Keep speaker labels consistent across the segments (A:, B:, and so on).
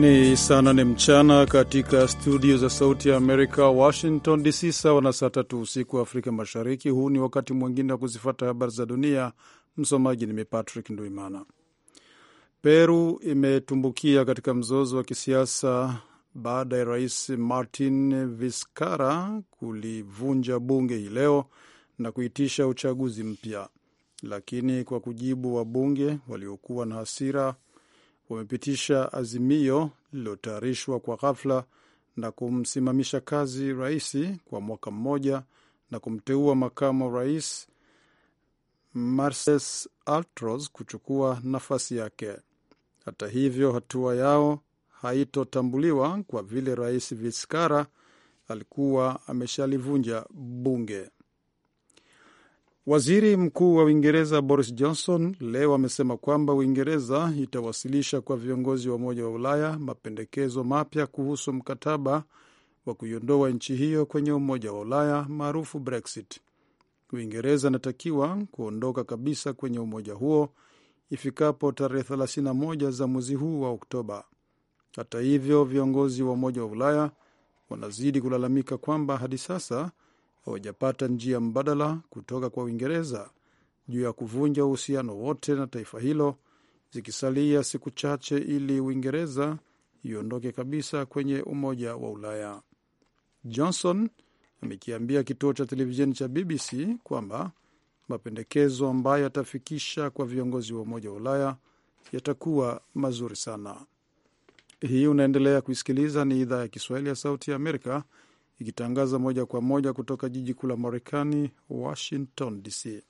A: Ni saa nane mchana katika studio za Sauti ya Amerika, Washington DC, sawa na saa tatu usiku wa Afrika Mashariki. Huu ni wakati mwingine wa kuzifata habari za dunia. Msomaji ni mimi Patrick Nduimana. Peru imetumbukia katika mzozo wa kisiasa baada ya rais Martin Vizcarra kulivunja bunge hii leo na kuitisha uchaguzi mpya, lakini kwa kujibu wabunge waliokuwa na hasira wamepitisha azimio lililotayarishwa kwa ghafla na kumsimamisha kazi rais kwa mwaka mmoja na kumteua makamu rais Marses Altros kuchukua nafasi yake. Hata hivyo, hatua yao haitotambuliwa kwa vile rais viskara alikuwa ameshalivunja bunge. Waziri Mkuu wa Uingereza Boris Johnson leo amesema kwamba Uingereza itawasilisha kwa viongozi wa Umoja wa Ulaya mapendekezo mapya kuhusu mkataba wa kuiondoa nchi hiyo kwenye Umoja wa Ulaya maarufu Brexit. Uingereza inatakiwa kuondoka kabisa kwenye umoja huo ifikapo tarehe 31 za mwezi huu wa Oktoba. Hata hivyo, viongozi wa Umoja wa Ulaya wanazidi kulalamika kwamba hadi sasa hawajapata njia mbadala kutoka kwa Uingereza juu ya kuvunja uhusiano wote na taifa hilo, zikisalia siku chache ili Uingereza iondoke kabisa kwenye Umoja wa Ulaya. Johnson amekiambia kituo cha televisheni cha BBC kwamba mapendekezo ambayo yatafikisha kwa viongozi wa Umoja wa Ulaya yatakuwa mazuri sana. Hii unaendelea kuisikiliza, ni idhaa ya Kiswahili ya Sauti ya Amerika ikitangaza moja kwa moja kutoka jiji kuu la Marekani, Washington DC.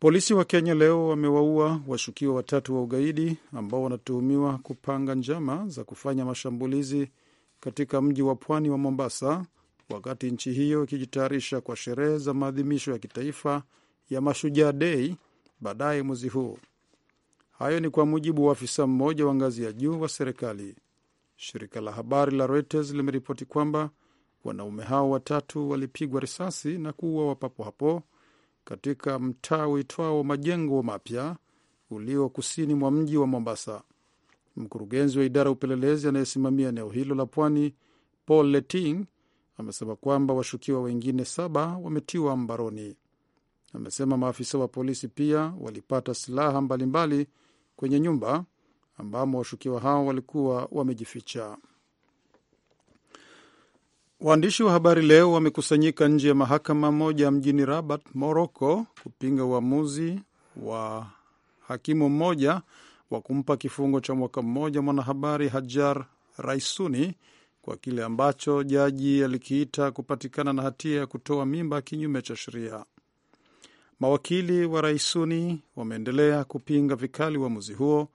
A: Polisi wa Kenya leo wamewaua washukiwa watatu wa ugaidi ambao wanatuhumiwa kupanga njama za kufanya mashambulizi katika mji wa pwani wa Mombasa, wakati nchi hiyo ikijitayarisha kwa sherehe za maadhimisho ya kitaifa ya Mashujaa Dei baadaye mwezi huu. Hayo ni kwa mujibu wa afisa mmoja wa ngazi ya juu wa serikali. Shirika la habari la Reuters limeripoti kwamba wanaume hao watatu walipigwa risasi na kuuawa papo hapo katika mtaa uitwao Majengo Mapya ulio kusini mwa mji wa Mombasa. Mkurugenzi wa idara ya upelelezi anayesimamia eneo hilo la pwani, Paul Leting, amesema kwamba washukiwa wengine saba wametiwa mbaroni. Amesema maafisa wa polisi pia walipata silaha mbalimbali mbali kwenye nyumba ambamo washukiwa hao walikuwa wamejificha. Waandishi wa habari leo wamekusanyika nje ya mahakama moja mjini Rabat, moroco kupinga uamuzi wa hakimu mmoja wa kumpa kifungo cha mwaka mmoja mwanahabari Hajar Raisuni kwa kile ambacho jaji alikiita kupatikana na hatia ya kutoa mimba kinyume cha sheria. Mawakili wa Raisuni wameendelea kupinga vikali uamuzi huo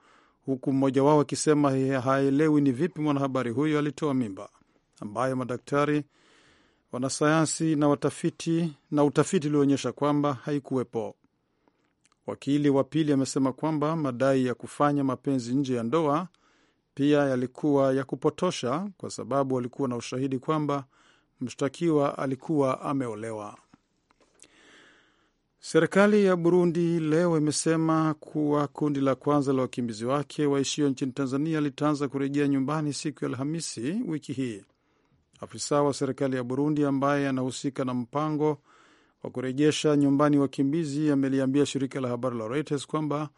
A: huku mmoja wao akisema haelewi ni vipi mwanahabari huyo alitoa mimba ambayo madaktari wanasayansi na watafiti na utafiti ulioonyesha kwamba haikuwepo. Wakili wa pili amesema kwamba madai ya kufanya mapenzi nje ya ndoa pia yalikuwa ya kupotosha, kwa sababu walikuwa na ushahidi kwamba mshtakiwa alikuwa ameolewa. Serikali ya Burundi leo imesema kuwa kundi la kwanza la wakimbizi wake waishio nchini Tanzania litaanza kurejea nyumbani siku ya Alhamisi wiki hii. Afisa wa serikali ya Burundi ambaye anahusika na mpango wa kurejesha nyumbani wakimbizi ameliambia shirika la habari la Reuters kwamba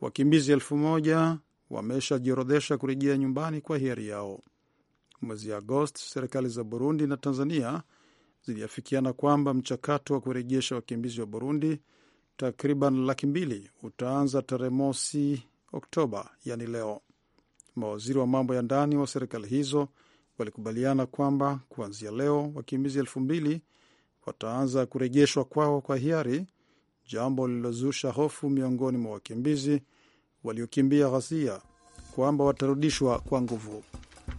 A: wakimbizi elfu moja wameshajiorodhesha kurejea nyumbani kwa hiari yao. Mwezi Agosti, serikali za Burundi na Tanzania ziliafikiana kwamba mchakato wa kurejesha wakimbizi wa Burundi takriban laki mbili utaanza tarehe mosi Oktoba, yani leo. Mawaziri wa mambo ya ndani wa serikali hizo walikubaliana kwamba kuanzia leo wakimbizi elfu mbili wataanza kurejeshwa kwao kwa hiari, jambo lililozusha hofu miongoni mwa wakimbizi waliokimbia ghasia kwamba watarudishwa kwa nguvu.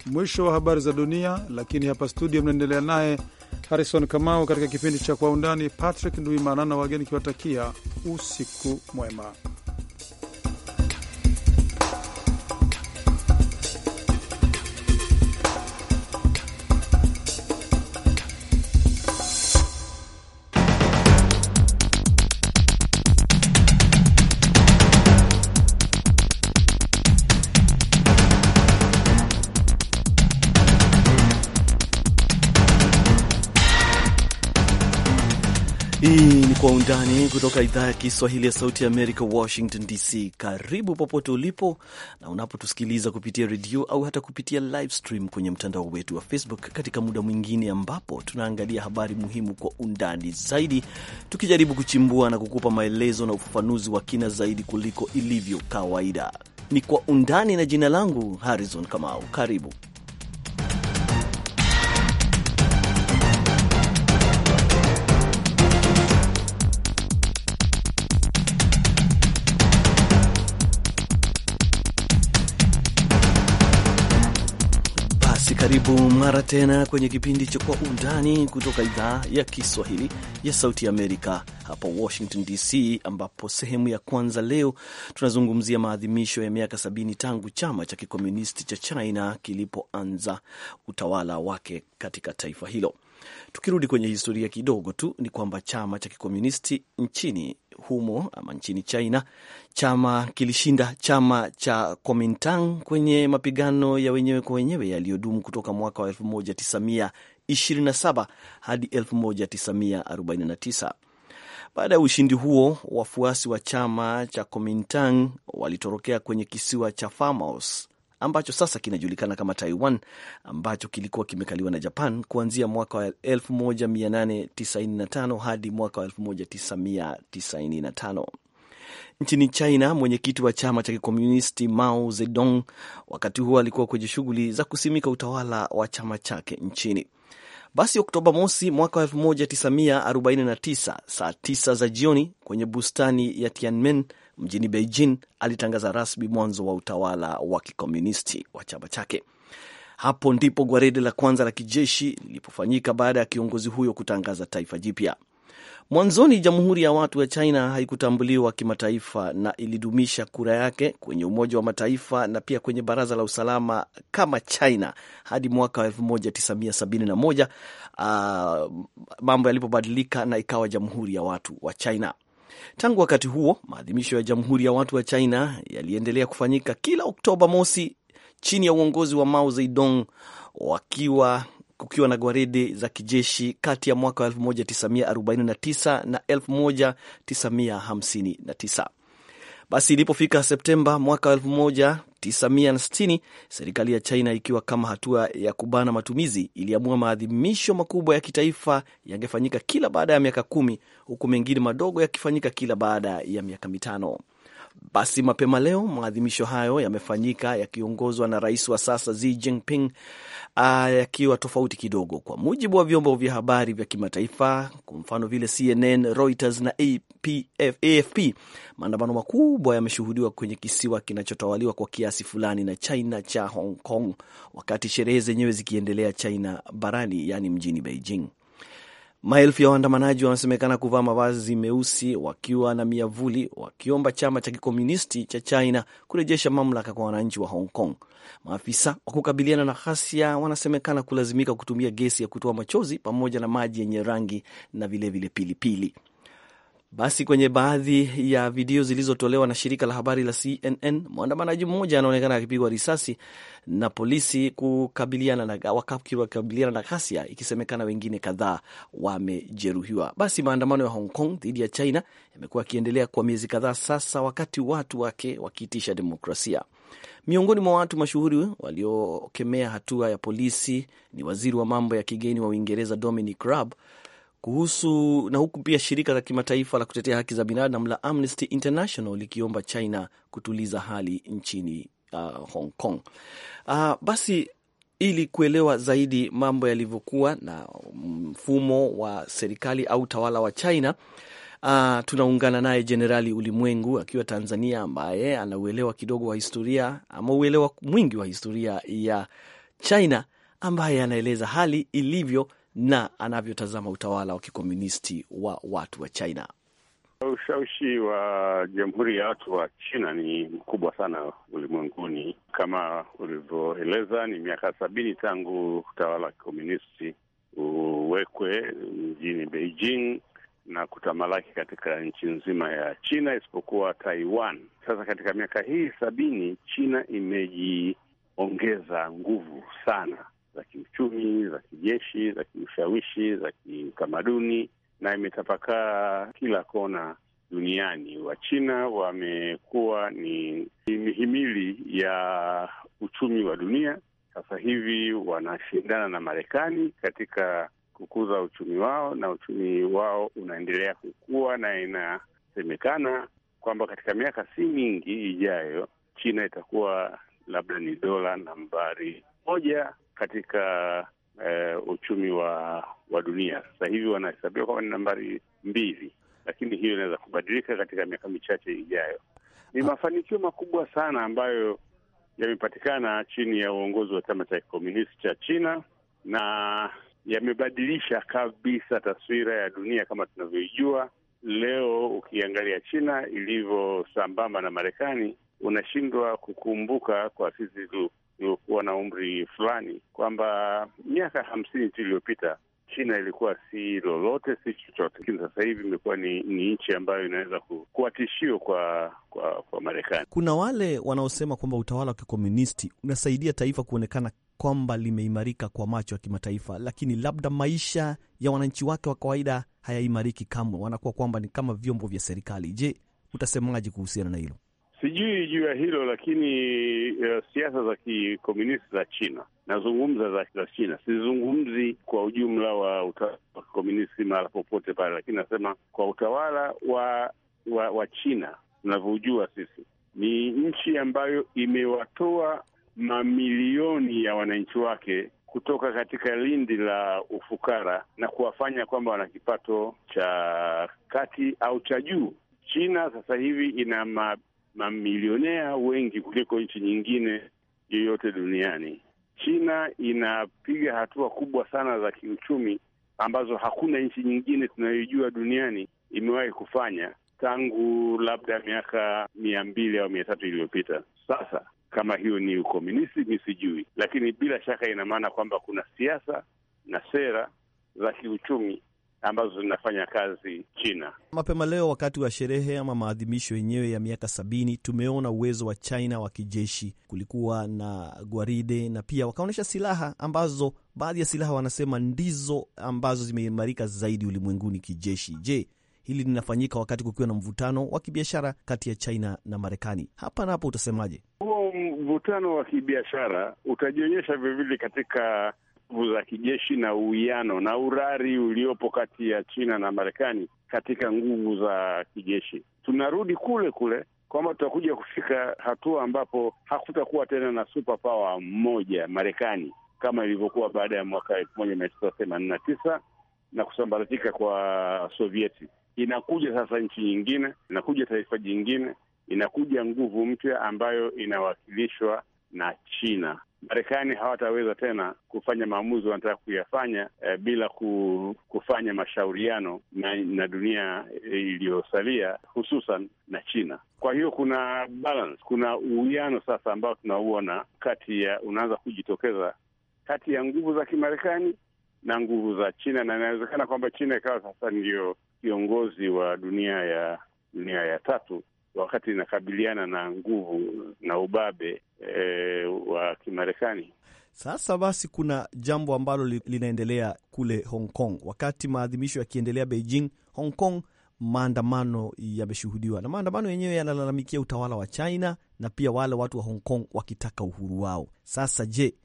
A: Mwisho wa habari za dunia, lakini hapa studio mnaendelea naye Harrison Kamau katika kipindi cha Kwa Undani. Patrick nduimana na wageni kiwatakia usiku mwema.
B: Undani kutoka idhaa ya Kiswahili ya Sauti ya Amerika, Washington DC. Karibu popote ulipo na unapotusikiliza kupitia redio au hata kupitia live stream kwenye mtandao wetu wa Facebook, katika muda mwingine ambapo tunaangalia habari muhimu kwa undani zaidi, tukijaribu kuchimbua na kukupa maelezo na ufafanuzi wa kina zaidi kuliko ilivyo kawaida. Ni Kwa Undani na jina langu Harrison Kamau. Karibu. Karibu mara tena kwenye kipindi cha Kwa Undani kutoka idhaa ya Kiswahili ya Sauti ya Amerika hapa Washington DC, ambapo sehemu ya kwanza leo tunazungumzia maadhimisho ya miaka sabini tangu chama cha kikomunisti cha China kilipoanza utawala wake katika taifa hilo. Tukirudi kwenye historia kidogo tu, ni kwamba chama cha kikomunisti nchini humo ama nchini China, chama kilishinda chama cha Kuomintang kwenye mapigano ya wenyewe kwa wenyewe yaliyodumu kutoka mwaka wa 1927 hadi 1949. Baada ya ushindi huo, wafuasi wa chama cha Kuomintang walitorokea kwenye kisiwa cha Formosa ambacho sasa kinajulikana kama Taiwan, ambacho kilikuwa kimekaliwa na Japan kuanzia mwaka wa 1895 hadi mwaka wa 1995. Nchini China, mwenyekiti wa chama cha kikomunisti Mao Zedong wakati huo alikuwa kwenye shughuli za kusimika utawala wa chama chake nchini. Basi Oktoba mosi mwaka 1949 saa 9 za jioni kwenye bustani ya Tiananmen mjini Beijing alitangaza rasmi mwanzo wa utawala wa kikomunisti wa chama chake. Hapo ndipo gwaredi la kwanza la kijeshi lilipofanyika baada ya kiongozi huyo kutangaza taifa jipya. Mwanzoni, Jamhuri ya Watu ya China haikutambuliwa kimataifa na ilidumisha kura yake kwenye Umoja wa Mataifa na pia kwenye Baraza la Usalama kama China hadi mwaka wa 1971 uh, ah, mambo yalipobadilika na ikawa Jamhuri ya Watu wa China. Tangu wakati huo maadhimisho ya Jamhuri ya Watu wa China yaliendelea kufanyika kila Oktoba mosi chini ya uongozi wa Mao Zedong wakiwa kukiwa na gwaridi za kijeshi kati ya mwaka 1949 na 1959. Basi ilipofika Septemba mwaka 19 1960 serikali ya China ikiwa kama hatua ya kubana matumizi iliamua maadhimisho makubwa ya kitaifa yangefanyika kila baada ya miaka kumi huku mengine madogo yakifanyika kila baada ya miaka mitano. Basi mapema leo maadhimisho hayo yamefanyika yakiongozwa na rais wa sasa Xi Jinping, ah, yakiwa tofauti kidogo, kwa mujibu wa vyombo vya habari vya kimataifa, kwa mfano vile CNN, Reuters na AP AFP, maandamano makubwa yameshuhudiwa kwenye kisiwa kinachotawaliwa kwa kiasi fulani na China cha Hong Kong, wakati sherehe zenyewe zikiendelea China barani, yaani mjini Beijing. Maelfu ya waandamanaji wanasemekana kuvaa mavazi meusi wakiwa na miavuli wakiomba chama cha kikomunisti cha China kurejesha mamlaka kwa wananchi wa Hong Kong. Maafisa wa kukabiliana na ghasia wanasemekana kulazimika kutumia gesi ya kutoa machozi pamoja na maji yenye rangi na vilevile pilipili. Basi kwenye baadhi ya video zilizotolewa na shirika la habari la CNN, mwandamanaji mmoja anaonekana akipigwa risasi na polisi kukabiliana na wakabiliana na ghasia, ikisemekana wengine kadhaa wamejeruhiwa. Basi maandamano ya Hong Kong dhidi ya China yamekuwa yakiendelea kwa miezi kadhaa sasa, wakati watu wake wakiitisha demokrasia. Miongoni mwa watu mashuhuri waliokemea hatua ya polisi ni waziri wa mambo ya kigeni wa Uingereza Dominic Raab kuhusu na huku pia shirika la kimataifa la kutetea haki za binadamu la Amnesty International likiomba China kutuliza hali nchini uh, Hong Kong. Uh, basi ili kuelewa zaidi mambo yalivyokuwa na mfumo wa serikali au utawala wa China, uh, tunaungana naye Jenerali Ulimwengu akiwa Tanzania, ambaye anauelewa kidogo wa historia ama uelewa mwingi wa historia ya China, ambaye anaeleza hali ilivyo na anavyotazama utawala wa kikomunisti wa watu wa China.
C: Ushawishi wa Jamhuri ya Watu wa China ni mkubwa sana ulimwenguni. Kama ulivyoeleza, ni miaka sabini tangu utawala wa kikomunisti uwekwe mjini Beijing na kutamalaki katika nchi nzima ya China isipokuwa Taiwan. Sasa katika miaka hii sabini, China imejiongeza nguvu sana za kiuchumi, za kijeshi, za kiushawishi, za kiutamaduni na imetapakaa kila kona duniani. Wachina wamekuwa ni mihimili ya uchumi wa dunia. Sasa hivi wanashindana na Marekani katika kukuza uchumi wao, na uchumi wao unaendelea kukua, na inasemekana kwamba katika miaka si mingi ijayo China itakuwa labda ni dola nambari moja katika uh, uchumi wa wa dunia. Sasa hivi wanahesabiwa kwamba ni nambari mbili, lakini hiyo inaweza kubadilika katika miaka michache ijayo. Ni ah. mafanikio makubwa sana ambayo yamepatikana chini ya uongozi wa chama cha kikomunisti cha China na yamebadilisha kabisa taswira ya dunia kama tunavyoijua leo. Ukiangalia China ilivyo sambamba na Marekani, unashindwa kukumbuka kwa sisi tu uliokuwa na umri fulani, kwamba miaka hamsini tu iliyopita China ilikuwa si lolote si chochote, lakini sasa hivi imekuwa ni, ni nchi ambayo inaweza kuwa tishio kwa kwa, kwa Marekani.
B: Kuna wale wanaosema kwamba utawala wa kikomunisti unasaidia taifa kuonekana kwamba limeimarika kwa macho ya kimataifa, lakini labda maisha ya wananchi wake wa kawaida hayaimariki kamwe, wanakuwa kwamba ni kama vyombo vya serikali. Je, utasemaje kuhusiana na hilo?
C: Sijui juu ya hilo lakini uh, siasa za kikomunisti za China, nazungumza za, za China, sizungumzi kwa ujumla wa utawala wa kikomunisti mahala popote pale, lakini nasema kwa utawala wa wa, wa China tunavyojua sisi, ni nchi ambayo imewatoa mamilioni ya wananchi wake kutoka katika lindi la ufukara na kuwafanya kwamba wana kipato cha kati au cha juu. China sasa hivi ina ma mamilionea wengi kuliko nchi nyingine yoyote duniani. China inapiga hatua kubwa sana za kiuchumi ambazo hakuna nchi nyingine tunayoijua duniani imewahi kufanya tangu labda miaka mia mbili au mia tatu iliyopita. Sasa kama hiyo ni ukomunisti, mi sijui, lakini bila shaka ina maana kwamba kuna siasa na sera za kiuchumi ambazo zinafanya kazi China.
B: Mapema leo wakati wa sherehe ama maadhimisho yenyewe ya miaka sabini, tumeona uwezo wa China wa kijeshi. Kulikuwa na gwaride na pia wakaonyesha silaha ambazo baadhi ya silaha wanasema ndizo ambazo zimeimarika zaidi ulimwenguni kijeshi. Je, hili linafanyika wakati kukiwa na mvutano wa kibiashara kati ya China na Marekani? Hapa na hapo utasemaje?
C: Huo mvutano wa kibiashara utajionyesha vilevile katika nguvu za kijeshi na uwiano na urari uliopo kati ya China na Marekani katika nguvu za kijeshi. Tunarudi kule kule kwamba tutakuja kufika hatua ambapo hakutakuwa tena na super power mmoja Marekani kama ilivyokuwa baada ya mwaka elfu moja mia tisa themanini na tisa na kusambaratika kwa Sovieti. Inakuja sasa nchi nyingine, inakuja taifa jingine, inakuja nguvu mpya ambayo inawakilishwa na China. Marekani hawataweza tena kufanya maamuzi wanataka kuyafanya eh, bila ku, kufanya mashauriano na, na dunia iliyosalia hususan na China. Kwa hiyo kuna balance, kuna uwiano sasa ambao tunauona kati ya unaanza kujitokeza kati ya nguvu za Kimarekani na nguvu za China, na inawezekana kwamba China ikawa sasa ndiyo kiongozi wa dunia ya dunia ya tatu wakati inakabiliana na nguvu na ubabe e, wa Kimarekani.
B: Sasa basi, kuna jambo ambalo linaendelea kule Hong Kong. Wakati maadhimisho yakiendelea Beijing, Hong Kong maandamano yameshuhudiwa, na maandamano yenyewe yanalalamikia utawala wa China na pia wale watu wa Hong Kong wakitaka uhuru wao. Sasa je,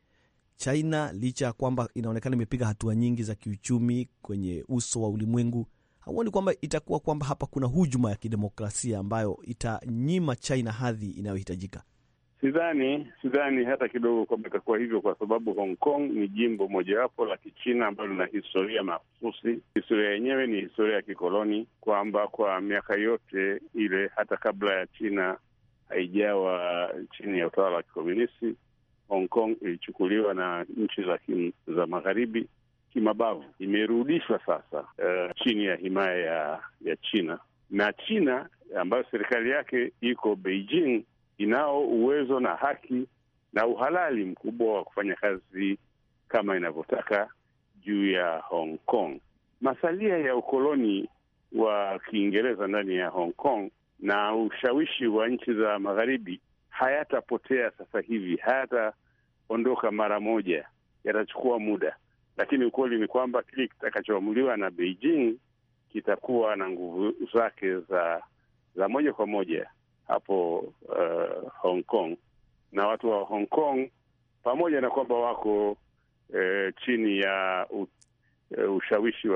B: China licha ya kwamba inaonekana imepiga hatua nyingi za kiuchumi kwenye uso wa ulimwengu hauoni kwamba itakuwa kwamba hapa kuna hujuma ya kidemokrasia ambayo itanyima China hadhi inayohitajika?
C: Sidhani, sidhani hata kidogo kwamba itakuwa hivyo, kwa sababu Hong Kong ni jimbo mojawapo la Kichina ambalo lina historia mahususi. Historia yenyewe ni historia ya kikoloni, kwamba kwa miaka yote ile, hata kabla ya China haijawa chini ya utawala wa kikomunisti, Hong Kong ilichukuliwa na nchi za, za magharibi kimabavu imerudishwa sasa uh, chini ya himaya ya, ya China na China ambayo serikali yake iko Beijing inao uwezo na haki na uhalali mkubwa wa kufanya kazi kama inavyotaka juu ya Hong Kong. Masalia ya ukoloni wa Kiingereza ndani ya Hong Kong na ushawishi wa nchi za magharibi hayatapotea sasa hivi, hayataondoka mara moja, yatachukua muda lakini ukweli ni kwamba kile kitakachoamuliwa na Beijing kitakuwa na nguvu zake za za moja kwa moja hapo uh, Hong Kong na watu wa Hong Kong pamoja na kwamba wako uh, chini ya uh, ushawishi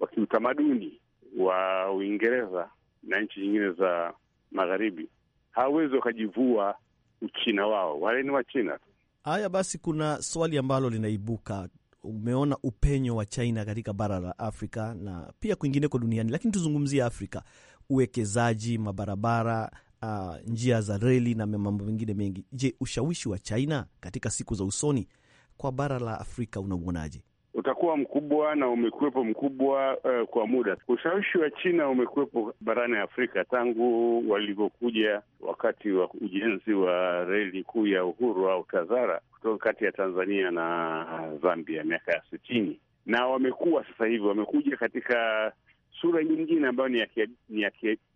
C: wa kiutamaduni wa Uingereza na nchi nyingine za magharibi, hawawezi wakajivua uchina wao. Wale ni Wachina tu.
B: Haya basi, kuna swali ambalo linaibuka. Umeona upenyo wa China katika bara la Afrika na pia kwingineko duniani, lakini tuzungumzie Afrika, uwekezaji, mabarabara Uh, njia za reli na mambo mengine mengi. Je, ushawishi wa China katika siku za usoni kwa bara la Afrika unauonaje?
C: utakuwa mkubwa na umekuwepo mkubwa uh, kwa muda. Ushawishi wa China umekuwepo barani Afrika tangu walivyokuja wakati wa ujenzi wa reli kuu ya Uhuru au TAZARA kutoka kati ya Tanzania na Zambia miaka ya sitini, na wamekuwa sasa hivi wamekuja katika sura nyingine ambayo ni ya ni ya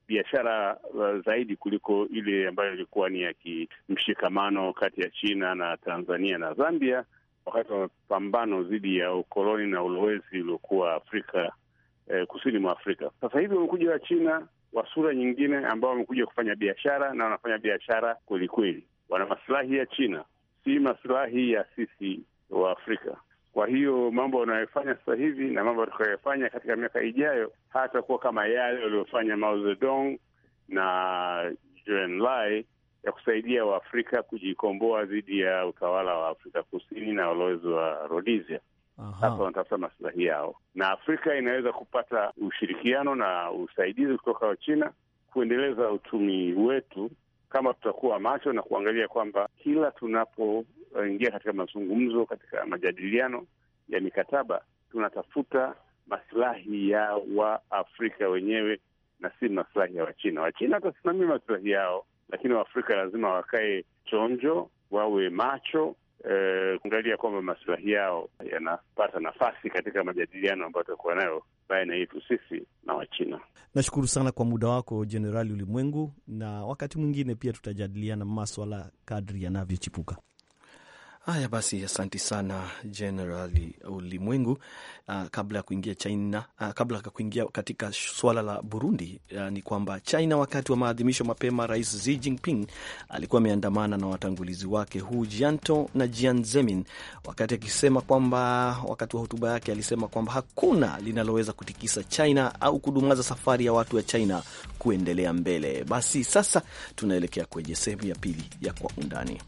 C: biashara uh, zaidi kuliko ile ambayo ilikuwa ni ya kimshikamano kati ya China na Tanzania na Zambia wakati wa mapambano dhidi ya ukoloni na ulowezi uliokuwa Afrika eh, kusini mwa Afrika. Sasa hivi wamekuja wa China wa sura nyingine ambao wamekuja kufanya biashara na wanafanya biashara kweli kweli, wana masilahi ya China, si masilahi ya sisi wa Afrika. Kwa hiyo mambo wanayofanya sasa hivi na mambo watakayofanya katika miaka ijayo hatakuwa kama yale waliofanya Mao Zedong na Juan ya kusaidia Waafrika kujikomboa dhidi ya utawala wa Afrika Kusini na walowezi wa Rhodesia. Sasa wanatafuta masilahi yao, na Afrika inaweza kupata ushirikiano na usaidizi kutoka Wachina kuendeleza uchumi wetu kama tutakuwa macho na kuangalia kwamba kila tunapoingia katika mazungumzo, katika majadiliano ya mikataba, tunatafuta masilahi ya Waafrika wenyewe na si masilahi ya Wachina. Wachina watasimamia masilahi yao lakini Waafrika lazima wakae chonjo, wawe macho eh, kuangalia kwamba masilahi yao yanapata nafasi katika majadiliano ambayo tutakuwa nayo baina yetu sisi
B: na Wachina. Nashukuru sana kwa muda wako Jenerali Ulimwengu, na wakati mwingine pia tutajadiliana maswala kadri yanavyochipuka. Haya basi, asanti sana Jenerali Ulimwengu. Uh, kabla ya kuingia China, uh, kabla ya kuingia katika swala la Burundi, uh, ni kwamba China wakati wa maadhimisho mapema, Rais Xi Jinping alikuwa ameandamana na watangulizi wake Hu jianto na Jian Zemin, wakati akisema kwamba, wakati wa hotuba yake alisema kwamba hakuna linaloweza kutikisa China au kudumaza safari ya watu wa China kuendelea mbele. Basi sasa tunaelekea kwenye sehemu ya pili ya Kwa Undani.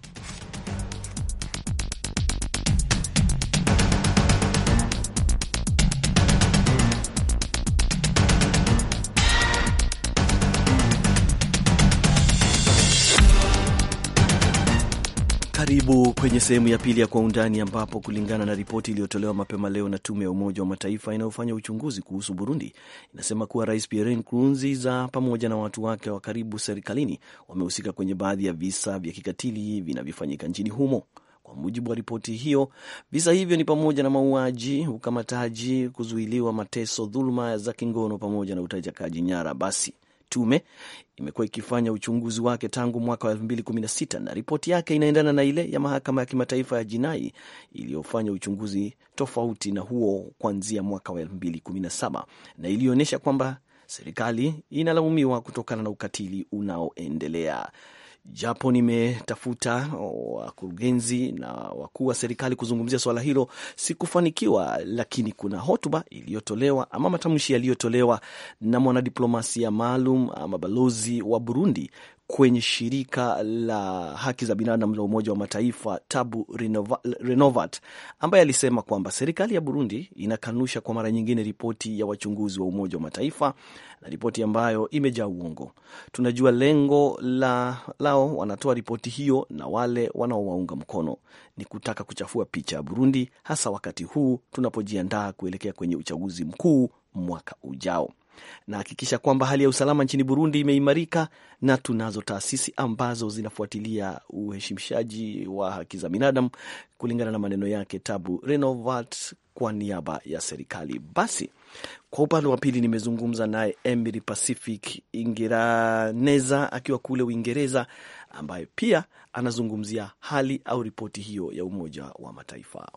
B: Karibu kwenye sehemu ya pili ya Kwa Undani, ambapo kulingana na ripoti iliyotolewa mapema leo na tume ya Umoja wa Mataifa inayofanya uchunguzi kuhusu Burundi, inasema kuwa Rais Pierre Nkurunziza pamoja na watu wake wa karibu serikalini wamehusika kwenye baadhi ya visa vya kikatili vinavyofanyika nchini humo. Kwa mujibu wa ripoti hiyo, visa hivyo ni pamoja na mauaji, ukamataji, kuzuiliwa, mateso, dhuluma za kingono pamoja na utajakaji nyara. Basi Tume imekuwa ikifanya uchunguzi wake tangu mwaka wa 2016 na ripoti yake inaendana na ile ya mahakama ya kimataifa ya jinai iliyofanya uchunguzi tofauti na huo kuanzia mwaka wa 2017 na iliyoonyesha kwamba serikali inalaumiwa kutokana na ukatili unaoendelea japo nimetafuta oh, wakurugenzi na wakuu wa serikali kuzungumzia swala hilo sikufanikiwa, lakini kuna hotuba iliyotolewa ama matamshi yaliyotolewa na mwanadiplomasia maalum ama balozi wa Burundi kwenye shirika la haki za binadamu la Umoja wa Mataifa Tabu Renovat ambaye alisema kwamba serikali ya Burundi inakanusha kwa mara nyingine ripoti ya wachunguzi wa Umoja wa Mataifa na ripoti ambayo imejaa uongo. Tunajua lengo la, lao wanatoa ripoti hiyo na wale wanaowaunga mkono ni kutaka kuchafua picha ya Burundi, hasa wakati huu tunapojiandaa kuelekea kwenye uchaguzi mkuu mwaka ujao. Nahakikisha kwamba hali ya usalama nchini Burundi imeimarika na tunazo taasisi ambazo zinafuatilia uheshimishaji wa haki za binadamu, kulingana na maneno yake Tabu Renovat kwa niaba ya serikali. Basi kwa upande wa pili nimezungumza naye Emily Pacific Ingiraneza akiwa kule Uingereza, ambaye pia anazungumzia hali au ripoti hiyo ya Umoja wa Mataifa.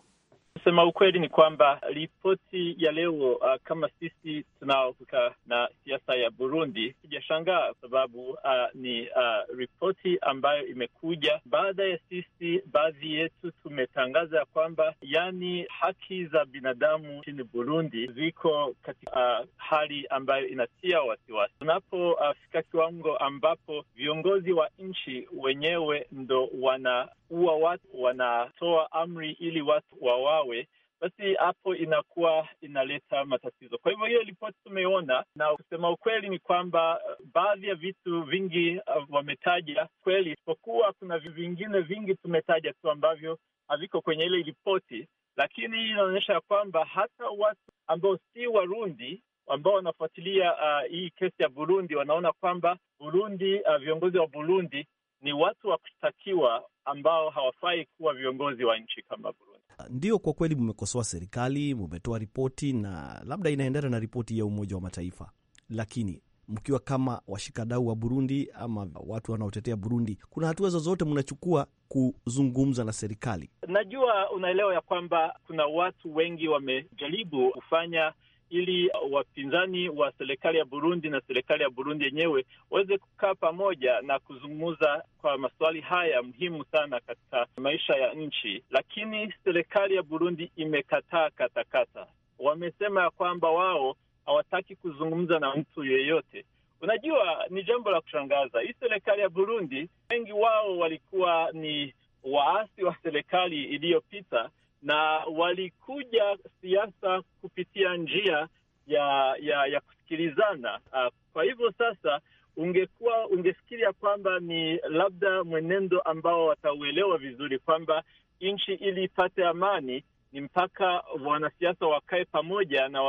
D: Kusema ukweli ni kwamba ripoti ya leo uh, kama sisi tunaohusika na siasa ya Burundi, sijashangaa kwa sababu uh, ni uh, ripoti ambayo imekuja baada ya sisi baadhi yetu tumetangaza ya kwamba yani haki za binadamu nchini Burundi ziko katika uh, hali ambayo inatia wasiwasi, tunapofika uh, kiwango ambapo viongozi wa nchi wenyewe ndo wanaua watu, wanatoa amri ili watu wawawe wenyewe, basi hapo inakuwa inaleta matatizo. Kwa hivyo hiyo ripoti tumeona, na kusema ukweli ni kwamba eh, baadhi ya vitu vingi eh, wametaja kweli, isipokuwa kuna vingine vingi tumetaja tu ambavyo haviko kwenye ile ripoti, lakini hii inaonyesha ya kwamba hata watu ambao si Warundi ambao wanafuatilia uh, hii kesi ya Burundi wanaona kwamba Burundi, uh, viongozi wa Burundi ni watu wa kushtakiwa ambao hawafai kuwa viongozi wa nchi kama Burundi.
B: Ndio, kwa kweli mumekosoa serikali, mumetoa ripoti na labda inaendana na ripoti ya Umoja wa Mataifa, lakini mkiwa kama washikadau wa Burundi ama watu wanaotetea Burundi, kuna hatua zozote mnachukua kuzungumza na serikali?
D: Najua unaelewa ya kwamba kuna watu wengi wamejaribu kufanya ili wapinzani wa serikali ya Burundi na serikali ya Burundi yenyewe waweze kukaa pamoja na kuzungumza kwa maswali haya muhimu sana katika maisha ya nchi. Lakini serikali ya Burundi imekataa katakata, wamesema ya kwamba wao hawataki kuzungumza na mtu yeyote. Unajua, ni jambo la kushangaza. Hii serikali ya Burundi, wengi wao walikuwa ni waasi wa serikali iliyopita na walikuja siasa kupitia njia ya ya, ya kusikilizana. Ah, kwa hivyo sasa ungekuwa ungefikiria kwamba ni labda mwenendo ambao watauelewa vizuri kwamba nchi ili ipate amani ni mpaka wanasiasa wakae pamoja na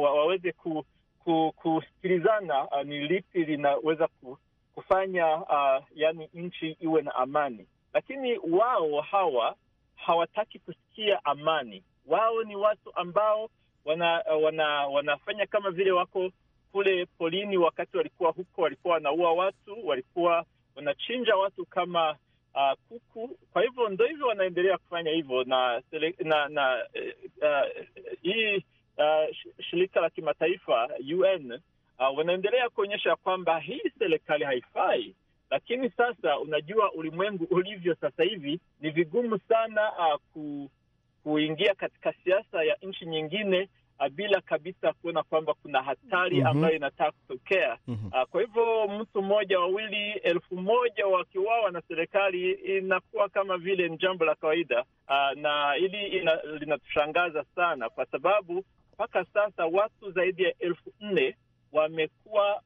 D: waweze ku, ku, kusikilizana uh, ni lipi linaweza ku, kufanya uh, yani nchi iwe na amani, lakini wao hawa hawataki kusikia amani. Wao ni watu ambao wana, wana, wanafanya kama vile wako kule polini. Wakati walikuwa huko, walikuwa wanaua watu, walikuwa wanachinja watu kama uh, kuku. Kwa hivyo ndo hivyo wanaendelea kufanya hivyo, na na, na eh, uh, hii uh, shirika la kimataifa UN uh, wanaendelea kuonyesha kwamba hii serikali haifai lakini sasa unajua ulimwengu ulivyo sasa hivi, ni vigumu sana uh, ku, kuingia katika siasa ya nchi nyingine uh, bila kabisa kuona kwamba kuna hatari mm -hmm. ambayo inataka kutokea mm -hmm. uh, kwa hivyo mtu mmoja wawili elfu moja wakiwawa na serikali inakuwa kama vile ni jambo la kawaida uh, na hili linatushangaza sana kwa sababu mpaka sasa watu zaidi ya elfu nne wamekuwa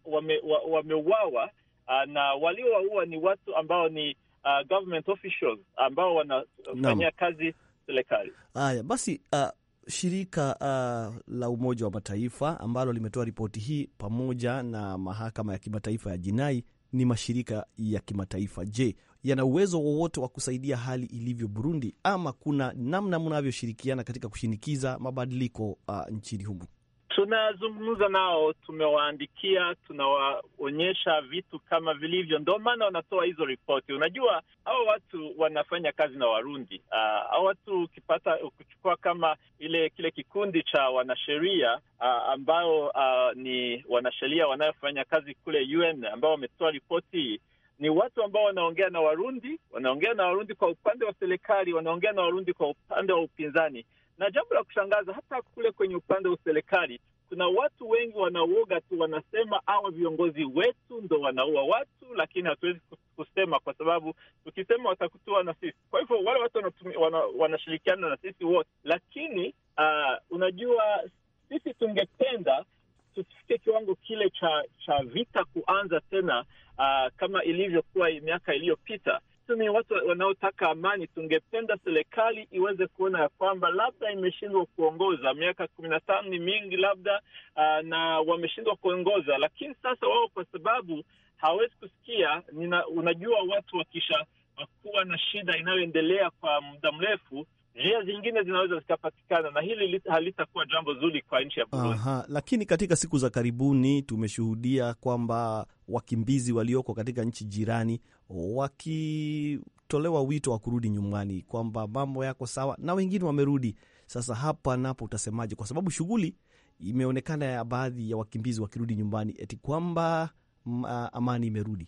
D: wameuawa wame uh, na waliowaua ni watu ambao ni uh, government officials ambao wanafanyia kazi serikali.
B: Haya basi, uh, shirika uh, la Umoja wa Mataifa ambalo limetoa ripoti hii pamoja na mahakama ya kimataifa ya jinai ni mashirika ya kimataifa. Je, yana uwezo wowote wa kusaidia hali ilivyo Burundi, ama kuna namna mnavyoshirikiana katika kushinikiza mabadiliko uh, nchini humo?
D: Tunazungumza nao, tumewaandikia, tunawaonyesha vitu kama vilivyo, ndo maana wanatoa hizo ripoti. Unajua, hao watu wanafanya kazi na Warundi. Ah, hao watu ukipata, ukichukua kama ile kile kikundi cha wanasheria ah, ambao ah, ni wanasheria wanayofanya kazi kule UN ambao wametoa ripoti hii ni watu ambao wanaongea na Warundi, wanaongea na Warundi kwa upande wa serikali, wanaongea na Warundi kwa upande wa upinzani, na jambo la kushangaza, hata kule kwenye upande wa serikali kuna watu wengi wanauoga tu, wanasema hawa viongozi wetu ndo wanaua watu, lakini hatuwezi kusema kwa sababu tukisema watakutua na sisi. Kwa hivyo wale watu wana, wanashirikiana na sisi wote, lakini uh, unajua sisi tungependa tufike kiwango kile cha cha vita kuanza tena, uh, kama ilivyokuwa miaka iliyopita. Sisi watu wanaotaka amani, tungependa serikali iweze kuona ya kwamba labda imeshindwa kuongoza miaka kumi na tano ni mingi labda, uh, na wameshindwa kuongoza, lakini sasa wao kwa sababu hawezi kusikia nina, unajua watu wakisha kuwa na shida inayoendelea kwa muda mrefu njia zingine zinaweza zikapatikana, na hili halitakuwa jambo zuri kwa nchi ya Burundi.
B: Aha, lakini katika siku za karibuni tumeshuhudia kwamba wakimbizi walioko katika nchi jirani wakitolewa wito wa kurudi nyumbani, kwamba mambo yako sawa, na wengine wamerudi. Sasa hapa napo utasemaje? Kwa sababu shughuli imeonekana ya baadhi ya wakimbizi wakirudi nyumbani eti kwamba mm, amani imerudi.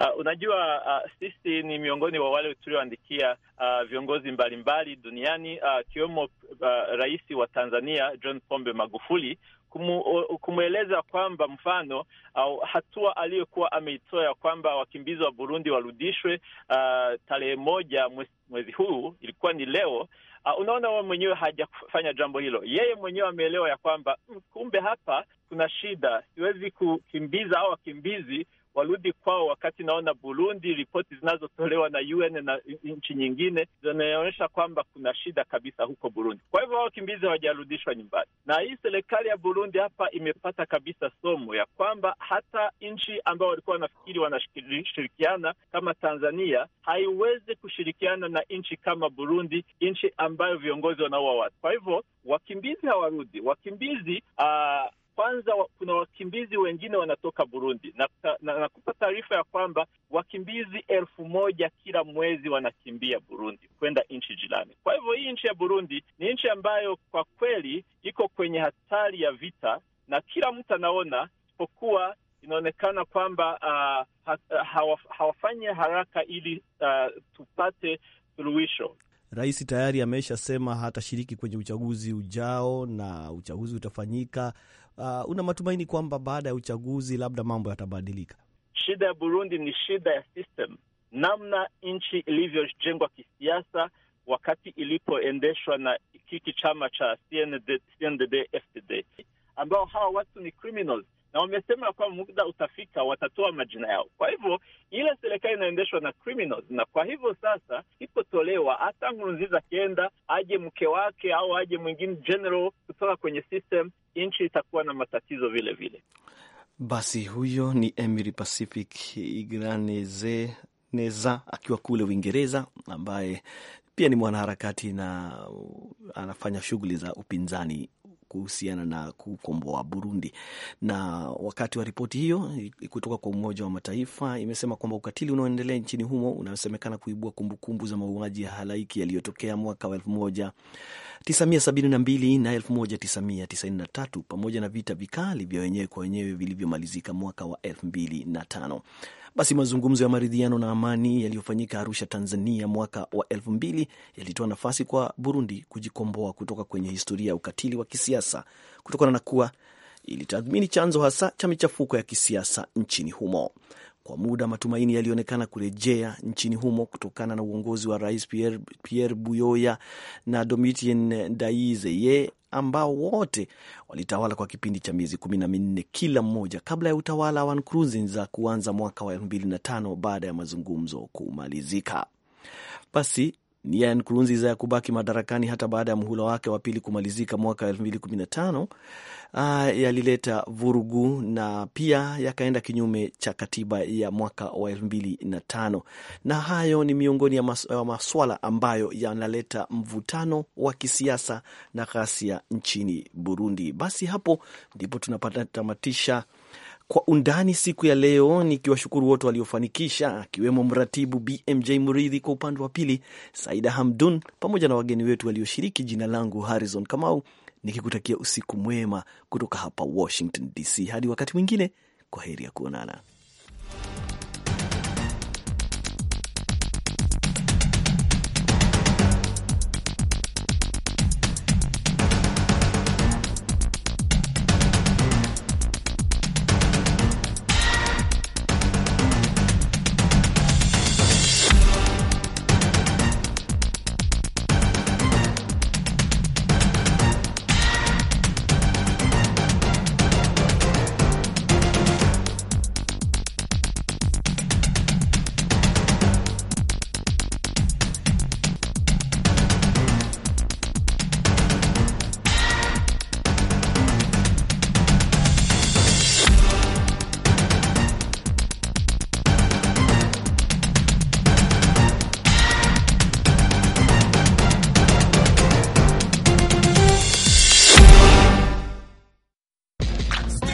D: Uh, unajua uh, sisi ni miongoni wa wale tulioandikia uh, viongozi mbalimbali mbali duniani uh, akiwemo uh, uh, rais wa Tanzania John Pombe Magufuli uh, kumweleza kwamba mfano au hatua aliyokuwa ameitoa ya kwamba wakimbizi wa Burundi warudishwe uh, tarehe moja mwezi, huu ilikuwa ni leo. Uh, unaona wao mwenyewe hajafanya jambo hilo. Yeye mwenyewe ameelewa ya kwamba mm, kumbe hapa kuna shida, siwezi kukimbiza au wakimbizi warudi kwao, wakati naona Burundi, ripoti zinazotolewa na UN na nchi nyingine zinaonyesha kwamba kuna shida kabisa huko Burundi. Kwa hivyo wakimbizi hawajarudishwa nyumbani, na hii serikali ya Burundi hapa imepata kabisa somo ya kwamba hata nchi ambao walikuwa wanafikiri wanashirikiana kama Tanzania haiwezi kushirikiana na nchi kama Burundi, nchi ambayo viongozi wanaua watu. Kwa hivyo wakimbizi hawarudi, wakimbizi uh, kwanza wa, kuna wakimbizi wengine wanatoka Burundi na, na, nakupa taarifa ya kwamba wakimbizi elfu moja kila mwezi wanakimbia Burundi kwenda nchi jirani. Kwa hivyo hii nchi ya Burundi ni nchi ambayo kwa kweli iko kwenye hatari ya vita, na kila mtu anaona isipokuwa inaonekana kwamba uh, ha, hawaf, hawafanyi haraka ili uh, tupate suluhisho.
B: Rais tayari ameshasema hatashiriki kwenye uchaguzi ujao na uchaguzi utafanyika uh, una matumaini kwamba baada ya uchaguzi labda mambo yatabadilika?
D: Shida ya Burundi ni shida ya system, namna nchi ilivyojengwa kisiasa wakati ilipoendeshwa na kiki chama cha CNDD-FDD ambao hawa watu ni criminals na wamesema kwamba muda utafika watatoa majina yao. Kwa hivyo ile serikali inaendeshwa na criminals, na kwa hivyo sasa ipotolewa hata Nkurunziza akienda, aje mke wake au aje mwingine general kutoka kwenye system, nchi itakuwa na matatizo vile
B: vile. Basi huyo ni Emiri Pacific Igraneze Neza akiwa kule Uingereza, ambaye pia ni mwanaharakati na anafanya shughuli za upinzani kuhusiana na kukomboa Burundi. Na wakati wa ripoti hiyo kutoka kwa Umoja wa Mataifa imesema kwamba ukatili unaoendelea nchini humo unasemekana kuibua kumbukumbu za mauaji ya halaiki yaliyotokea mwaka wa 1972 na 1993 pamoja na vita vikali vya wenyewe kwa wenyewe vilivyomalizika mwaka wa 2005. Basi mazungumzo ya maridhiano na amani yaliyofanyika Arusha, Tanzania mwaka wa elfu mbili yalitoa nafasi kwa Burundi kujikomboa kutoka kwenye historia ya ukatili wa kisiasa kutokana na kuwa ilitathmini chanzo hasa cha michafuko ya kisiasa nchini humo. Kwa muda matumaini yalionekana kurejea nchini humo kutokana na uongozi wa Rais Pierre, Pierre Buyoya na Domitien Ndayizeye ambao wote walitawala kwa kipindi cha miezi kumi na minne kila mmoja kabla ya utawala wa Nkurunziza kuanza mwaka wa elfu mbili na tano baada ya mazungumzo kumalizika. Basi Nia ya Nkurunziza ya kubaki madarakani hata baada ya muhula wake wa pili kumalizika mwaka uh, yalileta vurugu na pia yakaenda kinyume cha katiba ya mwaka wa mbili na hayo ni miongoni ya maswala ambayo yanaleta mvutano wa kisiasa na ghasia nchini Burundi. Basi hapo ndipo tunapata tamatisha kwa undani siku ya leo, nikiwashukuru wote waliofanikisha, akiwemo mratibu BMJ Muridhi kwa upande wa pili, Saida Hamdun pamoja na wageni wetu walioshiriki. Jina langu Harrison Kamau, nikikutakia usiku mwema kutoka hapa Washington DC. Hadi wakati mwingine, kwa heri ya kuonana.